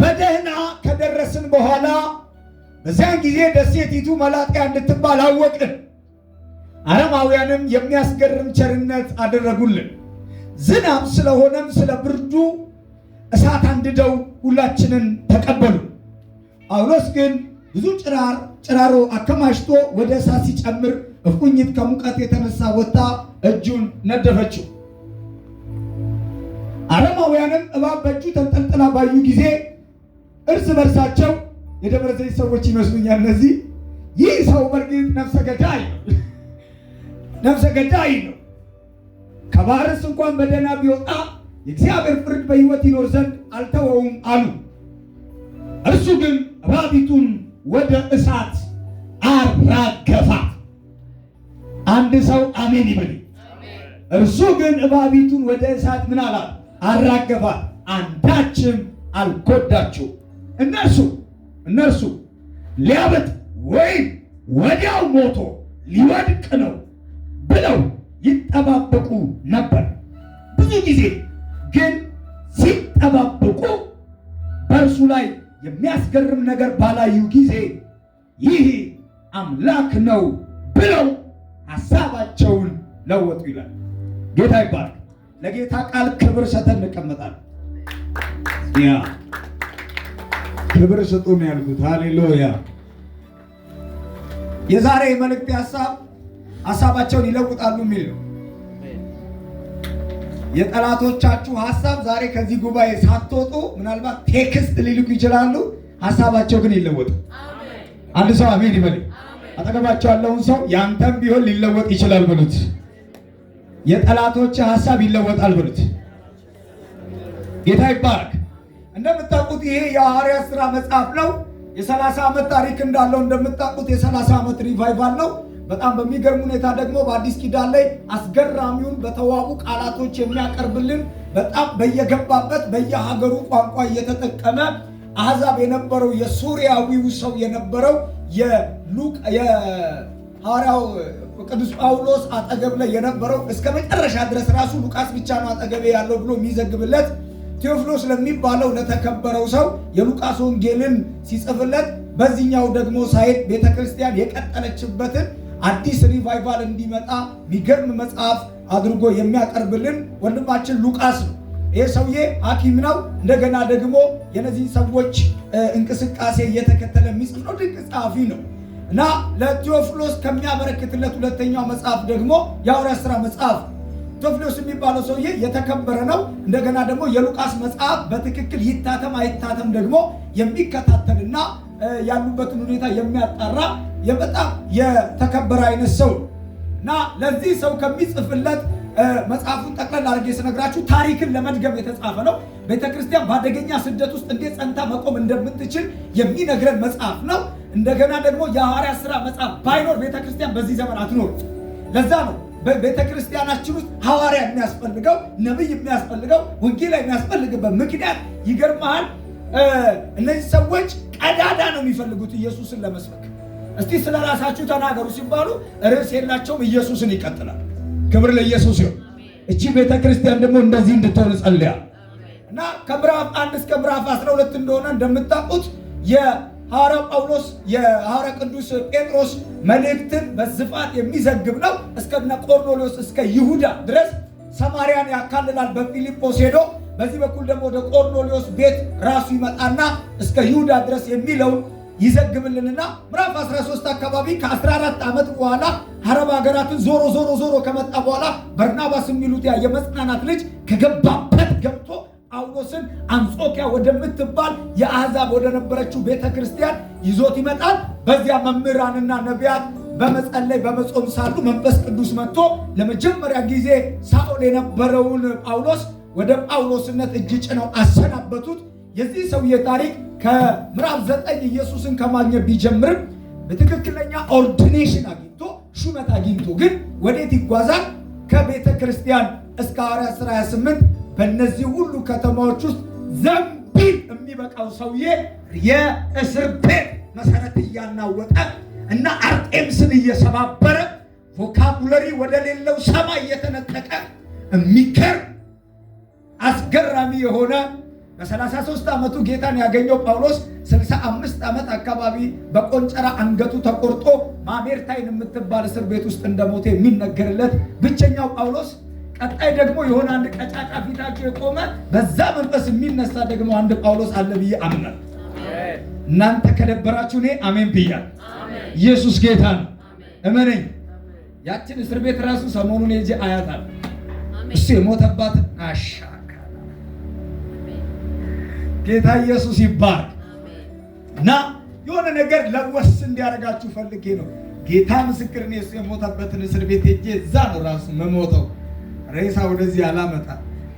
በደህና ከደረስን በኋላ በዚያን ጊዜ ደሴቲቱ መላጥያ እንድትባል አወቅን። አረማውያንም የሚያስገርም ቸርነት አደረጉልን። ዝናብ ስለሆነም ስለ ብርዱ እሳት አንድደው ሁላችንን ተቀበሉ። ጳውሎስ ግን ብዙ ጭራር ጭራሮ አከማችቶ ወደ እሳት ሲጨምር እፉኝት ከሙቀት የተነሳ ወጥታ እጁን ነደፈችው። አረማውያንም እባብ በእጁ ተንጠልጥላ ባዩ ጊዜ እርስ በርሳቸው የደብረ ዘይት ሰዎች ይመስሉኛል። እነዚህ ይህ ሰው በእርግጥ ነፍሰ ገዳይ ነፍሰ ገዳይ ነው። ከባህርስ እንኳን በደህና ቢወጣ የእግዚአብሔር ፍርድ በሕይወት ይኖር ዘንድ አልተወውም አሉ። እርሱ ግን ራቢቱን ወደ እሳት አራገፋት። አንድ ሰው አሜን ይበል። እርሱ ግን እባቢቱን ወደ እሳት ምን አላት? አራገፋት። አንዳችም አልጎዳችሁም። እነርሱ እነርሱ ሊያብጥ ወይም ወዲያው ሞቶ ሊወድቅ ነው ብለው ይጠባበቁ ነበር። ብዙ ጊዜ ግን ሲጠባበቁ በእርሱ ላይ የሚያስገርም ነገር ባላዩ ጊዜ ይህ አምላክ ነው ብለው ሀሳባቸውን ለወጡ ይላል። ጌታ ይባርክ። ለጌታ ቃል ክብር ሰተን እንቀመጣለን። ክብር ስጡን ያልኩት። ሃሌሉያ። የዛሬ መልእክት ሀሳብ ሀሳባቸውን ይለውጣሉ የሚል ነው። የጠላቶቻችሁ ሀሳብ ዛሬ ከዚህ ጉባኤ ሳትወጡ ምናልባት ቴክስት ሊልኩ ይችላሉ። ሀሳባቸው ግን ይለወጡ። አንድ ሰው አሜን ይበል። አጠገባቸው ያለውን ሰው ያንተም ቢሆን ሊለወጥ ይችላል በሉት። የጠላቶች ሀሳብ ይለወጣል በሉት። ጌታ ይባረክ። እንደምታውቁት ይሄ የሐዋርያት ሥራ መጽሐፍ ነው። የሰላሳ ዓመት ታሪክ እንዳለው እንደምታውቁት የሰላሳ ዓመት ሪቫይቫል ነው። በጣም በሚገርም ሁኔታ ደግሞ በአዲስ ኪዳን ላይ አስገራሚውን በተዋቡ ቃላቶች የሚያቀርብልን በጣም በየገባበት በየሀገሩ ቋንቋ እየተጠቀመ አሕዛብ የነበረው የሱሪያዊው ሰው የነበረው የሐዋርያው ቅዱስ ጳውሎስ አጠገብ ላይ የነበረው እስከ መጨረሻ ድረስ ራሱ ሉቃስ ብቻ ነው አጠገቤ ያለው ብሎ የሚዘግብለት ቴዎፍሎስ ለሚባለው ለተከበረው ሰው የሉቃስ ወንጌልን ሲጽፍለት በዚህኛው ደግሞ ሳይት ቤተክርስቲያን የቀጠለችበትን አዲስ ሪቫይቫል እንዲመጣ የሚገርም መጽሐፍ አድርጎ የሚያቀርብልን ወንድማችን ሉቃስ ነው። ይህ ሰውዬ ሐኪም ነው። እንደገና ደግሞ የነዚህን ሰዎች እንቅስቃሴ እየተከተለ የሚጽፍ ድንቅ ጸሐፊ ነው እና ለቴዎፍሎስ ከሚያበረክትለት ሁለተኛው መጽሐፍ ደግሞ የሐዋርያት ሥራ መጽሐፍ ቴዎፍሎስ የሚባለው ሰውዬ የተከበረ ነው። እንደገና ደግሞ የሉቃስ መጽሐፍ በትክክል ይታተም አይታተም ደግሞ የሚከታተልና ያሉበትን ሁኔታ የሚያጣራ በጣም የተከበረ አይነት ሰው እና ለዚህ ሰው ከሚጽፍለት መጽሐፉን ጠቅለል አድርጌ ስነግራችሁ ታሪክን ለመድገም የተጻፈ ነው። ቤተክርስቲያን በአደገኛ ስደት ውስጥ እንዴት ጸንታ መቆም እንደምትችል የሚነግረን መጽሐፍ ነው። እንደገና ደግሞ የሐዋርያ ስራ መጽሐፍ ባይኖር ቤተክርስቲያን በዚህ ዘመን አትኖርም። ለዛ ነው በቤተ ክርስቲያናችን ውስጥ ሐዋርያ የሚያስፈልገው ነቢይ የሚያስፈልገው ወንጌላ የሚያስፈልግበት ምክንያት ይገርመሃል። እነዚህ ሰዎች ቀዳዳ ነው የሚፈልጉት ኢየሱስን ለመስበክ። እስቲ ስለ ራሳችሁ ተናገሩ ሲባሉ ርዕስ የላቸውም። ኢየሱስን ይቀጥላል። ክብር ለኢየሱስ ይሁን። እቺ ቤተ ክርስቲያን ደግሞ እንደዚህ እንድትሆን ጸልያ እና ከምዕራፍ አንድ እስከ ምዕራፍ አስራ ሁለት እንደሆነ እንደምታውቁት ሐዋርያ ጳውሎስ የሐዋርያ ቅዱስ ጴጥሮስ መልእክትን በስፋት የሚዘግብ ነው። እስከነ ቆርኔሌዎስ እስከ ይሁዳ ድረስ ሰማርያን ያካልላል። በፊልጶስ ሄዶ በዚህ በኩል ደግሞ ወደ ቆርኔሌዎስ ቤት ራሱ ይመጣና እስከ ይሁዳ ድረስ የሚለውን ይዘግብልንና ምዕራፍ 13 አካባቢ ከ14 ዓመት በኋላ አረብ ሀገራትን ዞሮ ዞሮ ዞሮ ከመጣ በኋላ በርናባስ የሚሉት ያ የመጽናናት ልጅ ከገባበት ገብቶ ጳውሎስን አንጾኪያ ወደምትባል የአሕዛብ ወደነበረችው ቤተ ክርስቲያን ይዞት ይመጣል። በዚያ መምህራንና ነቢያት በመጸለይ በመጾም ሳሉ መንፈስ ቅዱስ መጥቶ ለመጀመሪያ ጊዜ ሳኦል የነበረውን ጳውሎስ ወደ ጳውሎስነት እጅ ጭነው አሰናበቱት። የዚህ ሰውዬ ታሪክ ከምዕራፍ ዘጠኝ ኢየሱስን ከማግኘት ቢጀምርም በትክክለኛ ኦርዲኔሽን አግኝቶ ሹመት አግኝቶ ግን ወዴት ይጓዛል? ከቤተ ክርስቲያን እስከ ሐዋርያት ሥራ 28 በእነዚህ ሁሉ ከተማዎች ውስጥ ዘንቢ የሚበቃው ሰውዬ የእስር ቤት መሰረት እያናወጠ እና አርጤምስን እየሰባበረ ቮካቡለሪ ሌለው ሰማይ እየተነጠቀ የሚከር አስገራሚ የሆነ በ33 ዓመቱ ጌታን ያገኘው ጳውሎስ 65 ዓመት አካባቢ በቆንጨራ አንገቱ ተቆርጦ ማሜርታይን የምትባል እስር ቤት ውስጥ እንደሞተ የሚነገርለት ብቸኛው ጳውሎስ ቀጣይ ደግሞ የሆነ አንድ ቀጫጫ ፊታቸው የቆመ በዛ መንፈስ የሚነሳ ደግሞ አንድ ጳውሎስ አለ ብዬ አምናል። እናንተ ከደበራችሁ እኔ አሜን ብያል። ኢየሱስ ጌታ ነው፣ እመነኝ። ያችን እስር ቤት ራሱ ሰሞኑን የእጅ አያት አለ እሱ የሞተባትን አሻካ ጌታ ኢየሱስ ይባል እና የሆነ ነገር ለወስ እንዲያደርጋችሁ ፈልጌ ነው። ጌታ ምስክርን የሱ የሞተበትን እስር ቤት ሄጄ እዛ ነው ራሱ መሞተው ሬሳ ወደዚህ አላመጣ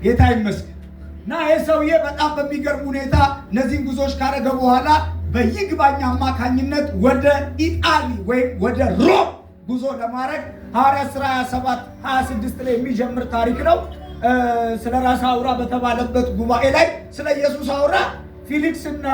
ጌታ ይመስገን። እና ይህ ሰውዬ በጣም በሚገርም ሁኔታ እነዚህን ጉዞዎች ካደረገ በኋላ በይግባኝ አማካኝነት ወደ ኢጣሊ ወይም ወደ ሮም ጉዞ ለማድረግ ሐዋርያት ሥራ 27 26 ላይ የሚጀምር ታሪክ ነው። ስለ ራስ አውራ በተባለበት ጉባኤ ላይ ስለ ኢየሱስ አውራ ፊሊክስ እና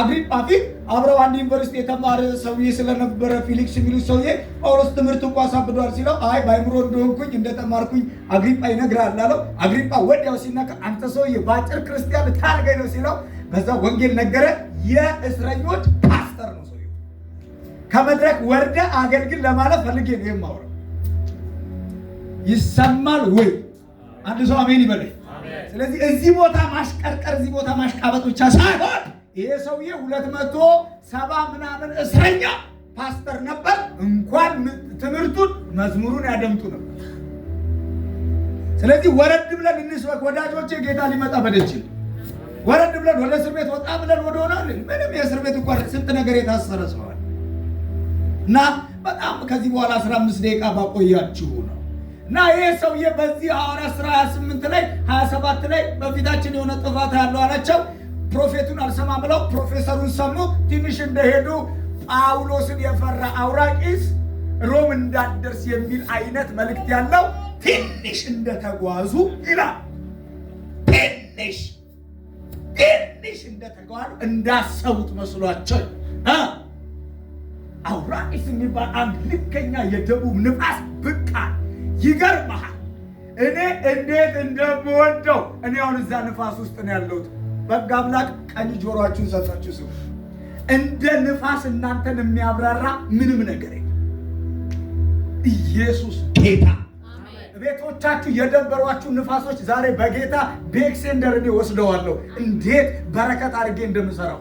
አግሪጳ ፊት አብረው አንድ ዩኒቨርሲቲ የተማረ ሰውዬ ስለነበረ ፊሊክስ የሚሉት ሰውዬ ጳውሎስ ትምህርት እንኳ አሳብዷል ሲለው፣ አይ ባይምሮ እንደሆንኩኝ እንደተማርኩኝ አግሪጳ ይነግራል አለው። አግሪጳ ወዲያው ሲነግር አንተ ሰውዬ በአጭር ክርስቲያን ልታደርገኝ ነው ሲለው፣ በዛ ወንጌል ነገረ። የእስረኞች ፓስተር ነው ሰውዬው። ከመድረክ ወርደ አገልግል ለማለት ፈልጌ ነው የማወራው። ይሰማል ወይ? አንድ ሰው አሜን ይበለኝ። ስለዚህ እዚህ ቦታ ማሽቀርቀር፣ እዚህ ቦታ ማሽቃበጥ ብቻ ሳይሆን ይሄ ሰውዬ ሁለት መቶ ሰባ ምናምን እስረኛ ፓስተር ነበር። እንኳን ትምህርቱን መዝሙሩን ያደምጡ ነበር። ስለዚህ ወረድ ብለን እንስበክ ወዳጆቼ፣ ጌታ ሊመጣ በደጅል ወረድ ብለን ወደ እስር ቤት ወጣ ብለን ወደ ሆናልን ምንም የእስር ቤት እንኳን ስንት ነገር የታሰረ ሰዋል እና በጣም ከዚህ በኋላ አስራ አምስት ደቂቃ ባቆያችሁ ነው እና ይሄ ሰውዬ በዚህ ሐዋርያት ሥራ 28 ላይ 27 ላይ በፊታችን የሆነ ጥፋት ያለው አላቸው። ፕሮፌቱን አልሰማም ብለው ፕሮፌሰሩን ሰሙ። ትንሽ እንደሄዱ ጳውሎስን የፈራ አውራቂስ ሮም እንዳትደርስ የሚል አይነት መልእክት ያለው ትንሽ እንደተጓዙ ይላል። ትንሽ ትንሽ እንደተጓዙ እንዳሰቡት መስሏቸው አውራቂስ የሚባል አንድ ልከኛ የደቡብ ንፋስ ብቅ ይገርመሃል። እኔ እንዴት እንደምወደው እኔ አሁን እዛ ንፋስ ውስጥ ነው ያለሁት። በጋ አምላክ ቀኝ ጆሮአችሁን ሰጣችሁ ስሙ። እንደ ንፋስ እናንተን የሚያብራራ ምንም ነገር የለም። ኢየሱስ ጌታ። ቤቶቻችሁ የደበሯችሁ ንፋሶች ዛሬ በጌታ ቤክሴንደር እኔ ወስደዋለሁ። እንዴት በረከት አድርጌ እንደምሰራው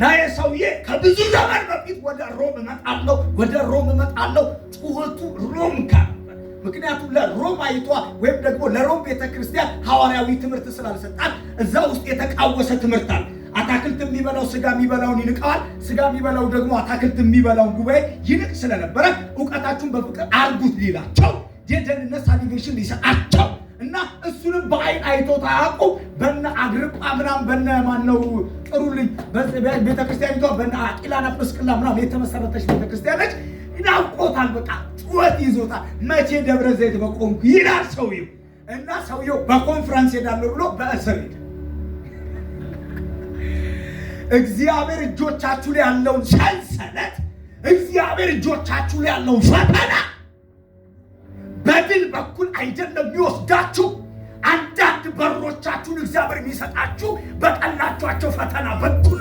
እና የሰውዬ ከብዙ ዘመን በፊት ወደ ሮም እመጣለሁ ወደ ሮም እመጣለሁ ጩኸቱ ሮም ጋር ምክንያቱም ለሮማይቷ ወይም ደግሞ ለሮም ቤተክርስቲያን ሐዋርያዊ ትምህርት ስላልሰጣት እዛ ውስጥ የተቃወሰ ትምህርት አለ። አታክልት የሚበላው ስጋ የሚበላውን ይንቀዋል፣ ስጋ የሚበላው ደግሞ አታክልት የሚበላውን ጉባኤ ይንቅ ስለነበረ እውቀታችሁን በፍቅር አርጉት ሊላቸው የደህንነት ሳሊቬሽን ሊሰጣቸው እና እሱንም በአይን አይቶ ታያቁ በነ አግርጳ ምናምን በነ ማነው ጥሩ ልጅ ቤተክርስቲያኒቷ በነ አቂላና ጵርስቅላ ምናም የተመሰረተች ቤተክርስቲያነች ናፍቆታል። በቃ ጩኸት ይዞታል። መቼ ደብረ ዘይት በቆምኩ ይላል ሰውየው። እና ሰውየው በኮንፈረንስ ሄዳለሁ ብሎ በእስር ሄደ። እግዚአብሔር እጆቻችሁ ላይ ያለውን ሰንሰለት፣ እግዚአብሔር እጆቻችሁ ላይ ያለውን ፈተና በድል በኩል አይደለም የሚወስዳችሁ አንዳንድ በሮቻችሁን እግዚአብሔር የሚሰጣችሁ በጠላችኋቸው ፈተና በኩል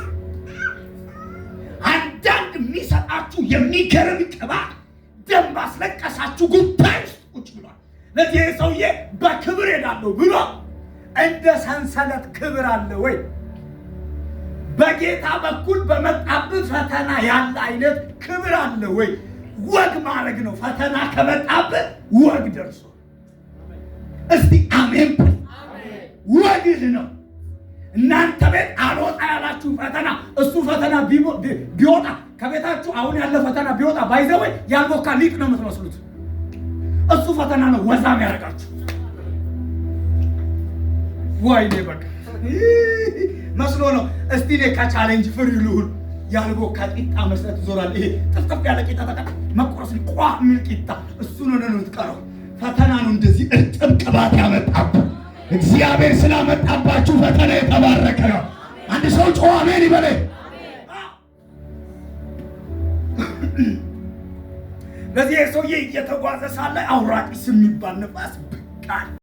አንዳንድ የሚሰጣችሁ የሚገርም ቅባት ደም ባስለቀሳችሁ ጉዳይ ውስጥ ቁጭ ብሏል። ለዚህ ሰውዬ በክብር ሄዳለሁ ብሎ እንደ ሰንሰለት ክብር አለ ወይ? በጌታ በኩል በመጣብህ ፈተና ያለ አይነት ክብር አለ ወይ? ወግ ማድረግ ነው። ፈተና ከመጣበት ወግ ደርሶ እስቲ አሜን። ወግህ ነው። እናንተ ቤት አልወጣ ያላችሁ ፈተና እሱ ፈተና ቢወጣ ከቤታችሁ አሁን ያለ ፈተና ቢወጣ ባይዘወይ ያልቦካ ሊቅ ነው የምትመስሉት። እሱ ፈተና ነው ወዛም ያደርጋችሁ። ዋይ በቃ መስሎ ነው። እስቲ እኔ ከቻሌንጅ ፍሪ ልሁን ያልቦካ ቂጣ መስጠት ይዞራል። ይሄ ጥፍጥፍ ያለ ቂጣ ተቀጣ መቆረስ ቋ የሚል ቂጣ እሱ ነው ነው የምትቀረው። ፈተና ነው እንደዚህ እርጥብ ቅባት ያመጣብህ እግዚአብሔር ስላመጣባችሁ ፈተና የተባረከ ነው። አንድ ሰው ጮኸ አሜን ይበለ። በዚህ ሰውዬ እየተጓዘ ሳለ አውራቂስ የሚባል ነፋስ ብቃል